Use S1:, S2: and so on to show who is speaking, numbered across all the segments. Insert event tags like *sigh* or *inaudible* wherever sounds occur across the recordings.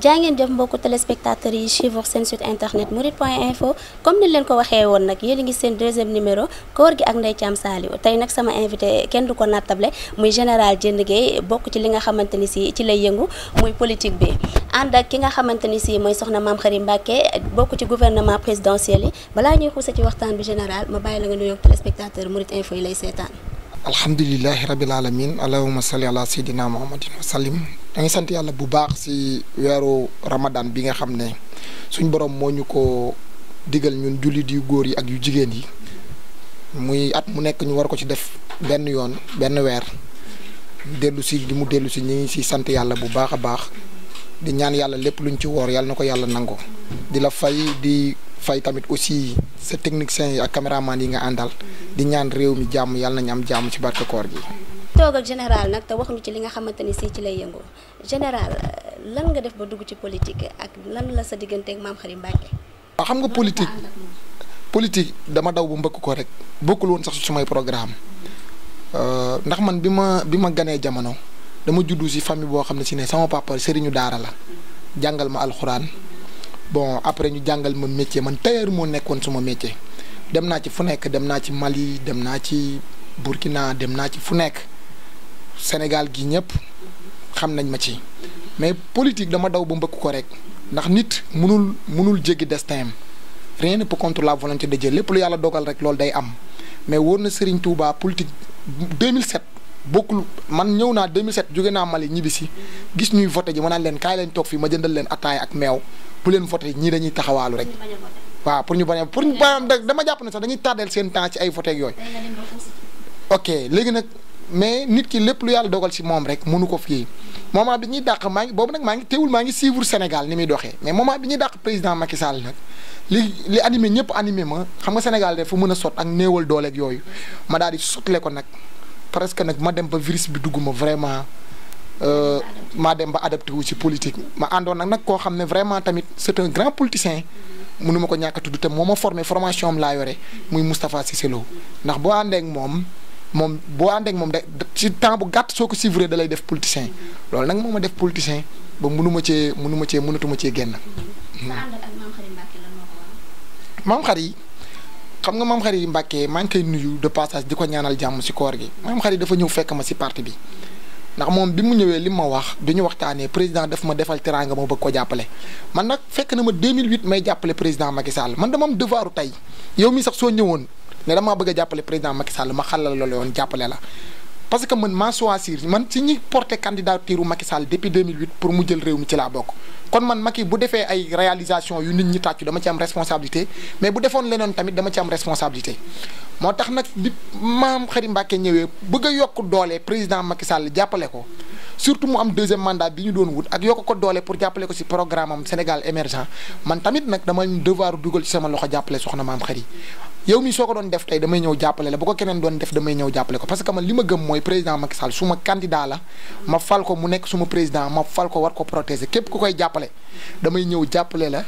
S1: jaa ngeen jëf mbokku téléspectateurs yi suivre seen site internet mourides point info comme ni leen ko waxee woon nag yéen a ngi seen deuxième numéro koor gi ak Ndeye Thiam Saliou tey nag sama invité kenn du ko nattable muy général Diène Gueye bokk ci li nga xamante ni si ci lay yëngu muy politique bi ànd ak ki nga xamante ni si mooy soxna Mame Khary Mbacké bokk ci gouvernement présidentiel yi balaa ñuy xuuse ci waxtaan bi général ma bàyyi la nga nuyoog téléspectateur mourides lay seetaan
S2: alhamdulillahi rabbil alamin allahumma salli ala sayidina muhammadin wa sallim dañuy sant yalla bu baax si wéro ramadan bi nga xamné suñ borom ko digal ñun diugori yu goor yi ak yu jigen yi muy at mu nekk ñu war ko ci def ben yoon ben weer dellu ci di mu dellu si ñi ci sant bu baaxa baax di ñaan yalla lepp luñ ci wor yalla nako yalla nango di la fay di fay tamit aussi sa technicien ak cameraman yi nga andal di ñaan réew mi jamm yalla nañ am jàmm ci barke koor gi
S1: togal ak général nag te wax ci li nga xamanteni ci ci lay yëngu général lan nga def ba dugg ci politique ak lan la sa digënté ak mam Xarim Mbàkke xam nga
S2: politique politique dama daw bu mbëkk ko rek bokul won sax su may programme euh, ndax man bima ma gané jamono dama juddu ci famille bo xamné ci né sama papa serigne daara la jangal ma alxuraan bon après ñu jàngal ma métier man tailleur moo nekkoon suma métier dem naa ci fu nekk dem naa ci Mali dem naa ci Burkina dem naa ci fu nekk Sénégal gi ñëpp xam nañ ma ci mais politique dama daw ba mbëkk ko rek ndax nit munul munul jéggi destin am rien ne peut contre la volonté de jël lépp lu yàlla dogal rek loolu day am mais wóor na Serigne Touba politique bokkul man ñëw naa 2007 jóge naa Mali ñibbi si gis ñuy voté ji ma naan leen kaay leen toog fii ma jëndal leen attaay ak meew bu leen voté ñii dañuy taxawaalu rek waaw pour ñu bañ pour ñu bañ dama jàpp ne sax dañuy tardeel seen temps ci ay voté ak yooyu ok léegi nag mais nit ki lépp lu yàlla dogal si moom rek mënu ko fii moom moment bi ñuy dàq maa ngi boobu nag maa ngi teewul maa ngi suivre Sénégal ni muy doxee mais moment bi ñuy dàq président Macky Sall nag li li animé ñëpp animé ma xam nga Sénégal dafa mën a sot ak néewal dooleeg yooyu ma daal di sotle ko nag presque nag ma dem ba virus bi dugg euh, ma vraiment maa dem ba adapté wu ci politique ma àndoon nag nag koo xam ne vraiment tamit c'est un grand politicien mënu ko ñàkk a te moo ma formé formation am laa yore muy Moustapha si Lo ndax boo àndeek moom moom boo àndeek moom da ci temps bu gàtt soo ko suivre da lay def politicien loolu nag moom a def politicien ba mënu ma cee mënu ma cee mënatuma cee génn. maam xar xam nga maam Khary Mbacké maa ngi koy nuyu de passage di ko ñaanal jàmm si koor gi maam Khary dafa ñëw fekk ma si parti bi ndax moom bi mu ñëwee li ma wax du ñu waxtaanee président daf ma defal teraanga ma bëgg ko jàppale man nag fekk na ma 2008 may jàppale président Macky Sall man dama am devoiru tey yow mi sax soo ñëwoon ne damaa bëgg a jàppale président Macky Sall ma xàllal loolu yoon jàppale la parce que je suis man ci le candidat candidature Macky depuis 2008 pour me je ci man réalisation yu nit dama responsabilité mais bu tamit dama ci am responsabilité motax nak maam Mbacké bëgg a président Macky Sall surtout mu deuxième mandat bi ñu doon wut ak ko pour jappalé ko ci programme Sénégal émergent man tamit devoir ci sama yow mi soo ko doon def tey damay ñëw jàppale la bu ko keneen doon def damay ñëw jàppale ko parce que man li ma gëm mooy président Macky Sall su ma candidat la ma fal ko mu nekk suma président ma fal ko war ko protéger képp ku koy jàppale damay ñëw jàppale la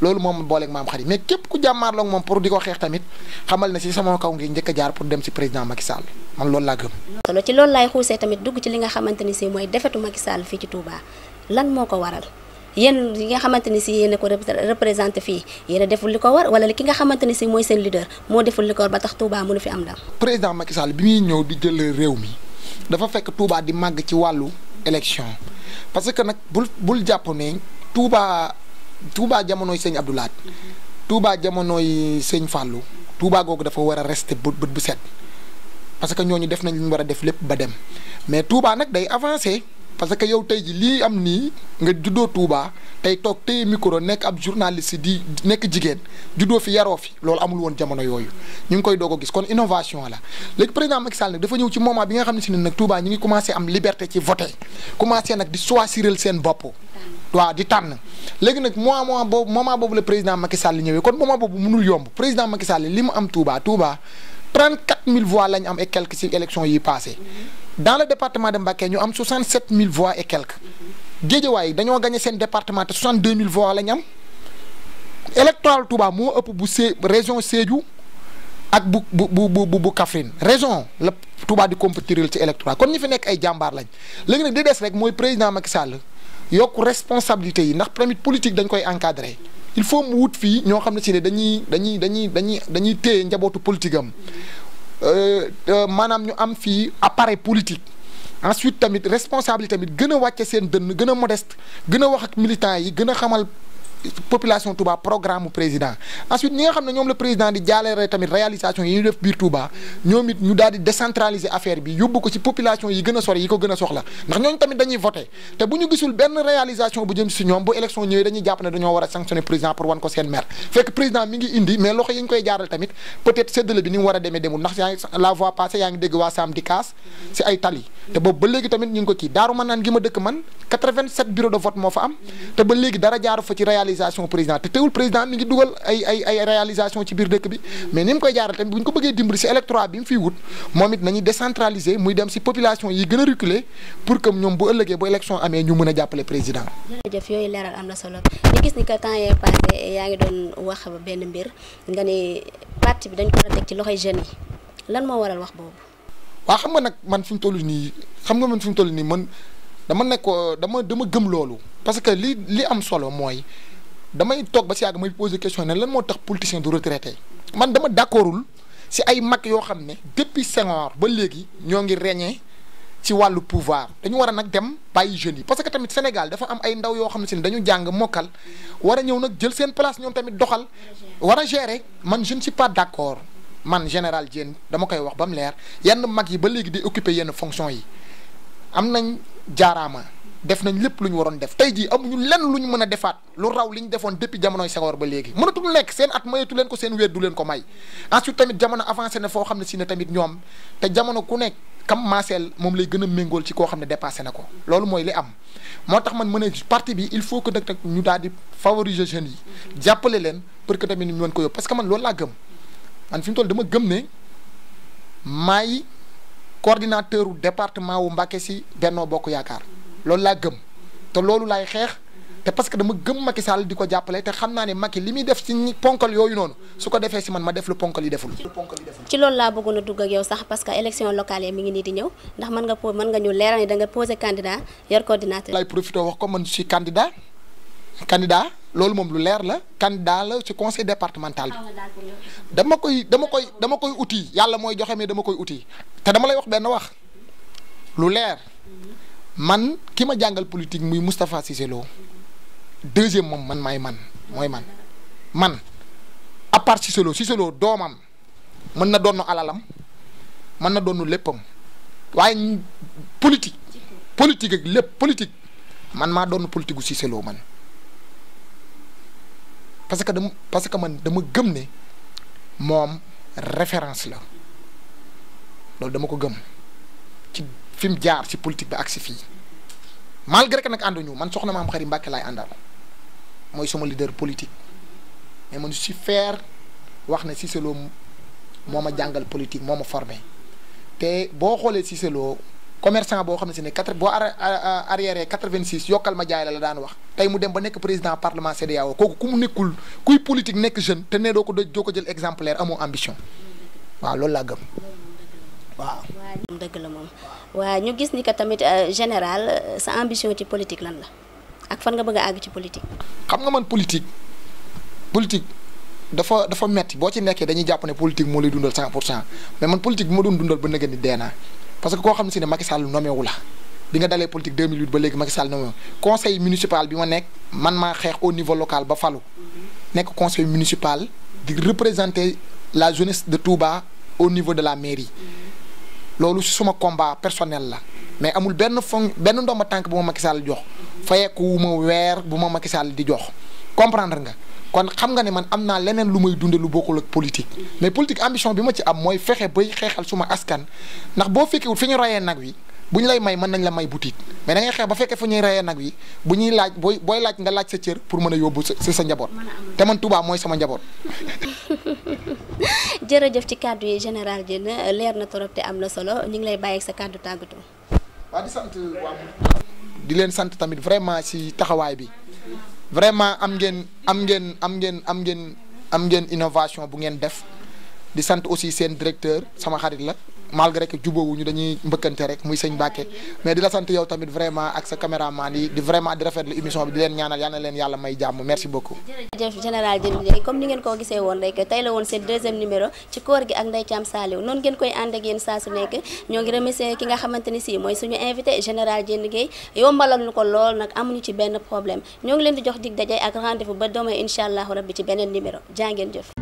S2: loolu moom booleeg maam xarit mais képp ku jàmmaarloog moom pour di ko xeex tamit xamal na si sama kaw ngi njëkk jaar pour dem si président Macky Sall man loolu laa gëm.
S1: solo ci loolu laay xuusee tamit li nga xamante ni si mooy defetu Macky fii ci Touba lan moo waral. yéen yi nga xamante ni si yéen a ko représenté fii yéen deful li ko war wala ki nga xamante ni si mooy seen leader moo deful li ko war ba tax Touba mënu fi am ndam.
S2: président Macky Sall bi muy ñëw di jël réew mi dafa fekk Touba di màgg ci wàllu élection parce que nag bul bul jàpp ne Touba Touba jamono sëñ Abdou Lahad jamono jamonooy sëñ Fallou Touba googu dafa war a rester bët bët bu set parce que ñooñu def nañ li war a def lépp ba dem mais Touba nag day avancer. parce que yow tey ji lii am ni nga juddoo Touba tay tok tay micro nek ab journaliste di nek jigen juddoo fi yaroo fi loolu amul won jamono yooyu ñu ngi koy dogo gis kon innovation la léegi président Macky Sall nag dafa ñew ci moment bi nga xamni ci si Touba ñu ngi commencé am liberté ci voter commencé nak di choisiral sen bopp waaw di tànn léegi nak mois mois boobu moment boobu le président Macky Sall ñewé kon moment boobu mënul yomb président Macky Sall limu am Touba Touba 34000 voix lañ am et quelques ci élection yi passé dans le département de nous avons 67 000 voix et quelques nous avons gagné ce département 62 000 voix la ñu électoral Touba région ak bu bu bu bu la Touba di compétir ci électoral Comme nous fi ay des président responsabilité politique encadrer il faut que nous soyons politique euh, euh, Manam ñu am fii appareil politique ensuite tamit responsabilité tamit gën a wàcce seen dënn gën modeste gën a wax ak militants yi gën xamal population Touba programme président ensuite nous nga le président de la président di tamit réalisation yi ñu def biir Touba ñoom ñu daal di décentraliser affaire bi yobbu ko ci population yi gëna a sori yi ko gëna soxla ndax ñooñu tamit dañuy voter té buñu gisul benn réalisation bu jëm ci ñom bu élection ñëwé dañuy japp né dañoo wara sanctionner président pour wan ko sen maire fekk président mi ngi indi mais loxo yi ñu koy jaaral tamit peut-être séddale bi ni mu war a demee ndax la voie passée yaa ngi dégg wa Sam di kaas si ay tali té bo ba légui tamit ñu ko ki daaru man gi ma dëkk man 87 bureau de vote mo fa am té ba légui dara jaaru fa ci réalisation réalisation président te teewul président mi ngi dugal ay ay ay réalisation ci biir a reculer pour que ñoom bu a jàppale président.
S1: jërëjëf ni que temps yee passé yaa ngi doon a teg lan moo waral wax boobu.
S2: waaw xam nga nag man fi mu nii xam nga man fi mu nii man dama nekk dama dama gëm loolu parce que li li am solo mooy. damay tok ba si yàgg may poser question né lan mo tax politicien du retraité man dama d'accordul si ay mak yo xamné depuis Senghor ba légui ñongi ngi régner ci walu pouvoir dañu wara nak nag dem bàyyi jeune yi parce que tamit Sénégal dafa am ay ndaw yo xamné ne dañu jang mokal wara a nak jël sen place ñom tamit doxal wara gérer man je ne suis pas d'accord man général Diène dama koy wax bam lèr yenn mak yi ba légui di occuper yenn fonction yi am nañ def nañ lépp lu ñu waroon def tey jii amuñu lenn lu ñu mën a defaat lu raw li ñu defoon depuis jamonoy Senghor ba léegi mënatul nekk seen at mayetu leen ko seen wéer du leen ko may ensuite tamit jamono avancé na foo xam ne si ne tamit ñoom te jamono ku nekk kam maaseel moom lay gën a méngool ci koo xam ne dépassé na ko loolu mooy li am moo tax man mën a parti bi il faut que nag ñu daal di favoriser jeunes yi jàppale leen pour que tamit ñu mën ko yóbbu parce que man loolu laa gëm man fi mu toll dama gëm ne maay coordinateur département wu Mbacké si Benno Bokk Yaakaar loolu laa gëm te loolu laay xeex te parce que dama gëm Macky Sall di ko jàppale te xam naa ne Macky li muy def ci ponkal yooyu noonu su ko defee si man ma def lu ponkal yi deful.
S1: ci loolu laa bëggoon a dugg ak yow sax parce que élection locale yi mi ngi nii di ñëw ndax mën nga po mën nga ñu leeral ne da nga posé candidat yor coordinateur. lay
S2: wax ko man suis candidat candidat loolu moom lu leer la kandidaa la ci conseil départemental bi dama koy dama koy dama koy uti yàlla mooy joxe mais dama koy uti te dama lay wax benn wax lu leer. man ki ma jàngal politique muy Moustapha Cissé Lo deuxième moom man may man mooy man man à part Cissé Lo Cissé doomam mën na doon alalam mën na doon léppam waaye politique politique ak lépp politique man maa doon politique gu Cissé man parce que dama parce que man dama gëm ne moom référence la loolu dama ko gëm. fi mu jaar ci politique bi ak si fii malgré que nag ànduñu man soxna am xarit Mbàkke lay àndal mooy sama leader politique mais man si faire wax ne Cissé Lo moo ma jàngal politique moo ma formé te boo xoolee Cissé Lo commerçant boo xam ne si ne quatre boo arrière quatre-vingt-six yokkal ma jaay la la daan wax tey mu dem ba nekk président parlement CEDEAO kooku ku mu nekkul kuy politique nekk jeune te nee doo ko doo ko jël exemplaire amoo ambition waaw loolu laa gëm.
S1: waaw moom la moom waaw ñu gis ni que tamit euh, général euh, sa ambition ci politique lan la ak fan nga bëgg a àgg ci politique.
S2: xam nga man politique politique dafa dafa metti boo ci nekkee dañuy jàpp ne politique moo lay dundal cent pour cent mais man politique bi ma doon dundal ba nga ni dee naa parce que koo xam ne si ne Macky Sall nommé wu la. bi nga dalee politique ba léegi Macky Sall noonu conseil municipal bi ma nekk man maa xeex au niveau local ba falu mm-hmm. nekk conseil municipal di représenter la jeunesse de Touba au niveau de la mairie. Mm-hmm. loolu si suma combat personnel la mais amul benn fon benn ndomba tànk bu ma Macky Sall jox fayeeku wu ma weer bu ma Macky Sall di jox comprendre nga kon xam nga ne man am naa leneen lu may dunde lu bokkul ak politique mais politique ambition bi ma ci am mooy fexe bay xeexal suma askan ndax boo fekkewul fi ñu royee nag wi buñ lay may mën nañ la may boutique mais da ngay xex ba fekke fu ñuy rayé nak wi buñuy laaj boy booy laaj nga laaj sa cieur pour mëna yobbu sa sa njabot té man Touba moy sama njabot
S1: njaboot. *laughs* jëf ci cadre yi général jeun lèr na torop té am na solo ñi ngi lay bàyyi sa cadre tàggatoo. wa di sante
S2: wa di len sante tamit vraiment ci taxaway bi vraiment am ngeen am ngeen am ngeen am ngeen am ngeen innovation bu ngeen def di sante aussi sen directeur sama xarit la. malgré que jubóowuñu dañuy mbëkkante rek muy sëñ Mbàkke mais di la sant yow tamit vraiment ak sa caméraman yi di vraiment di rafetlu émission bi di leen ñaanal yal na leen yàlla may jàmm merci beaucoup.
S1: jërëjëf général Diène Ndiaye comme ni ngeen ko gisee woon rek tey la woon seen deuxième numéro ci koor gi ak Ndeye Thiam Saliou ngeen koy ànd ak yéen saa su nekk ñoo ngi remercier ki nga xamante ni si mooy suñu invité général Diène Ndiaye yombalal ñu ko lool nag amuñu ci benn problème ñoo ngi leen di jox dig daje ak rendez-vous ba doomee incha allahu rabbi ci beneen numéro jaa ngeen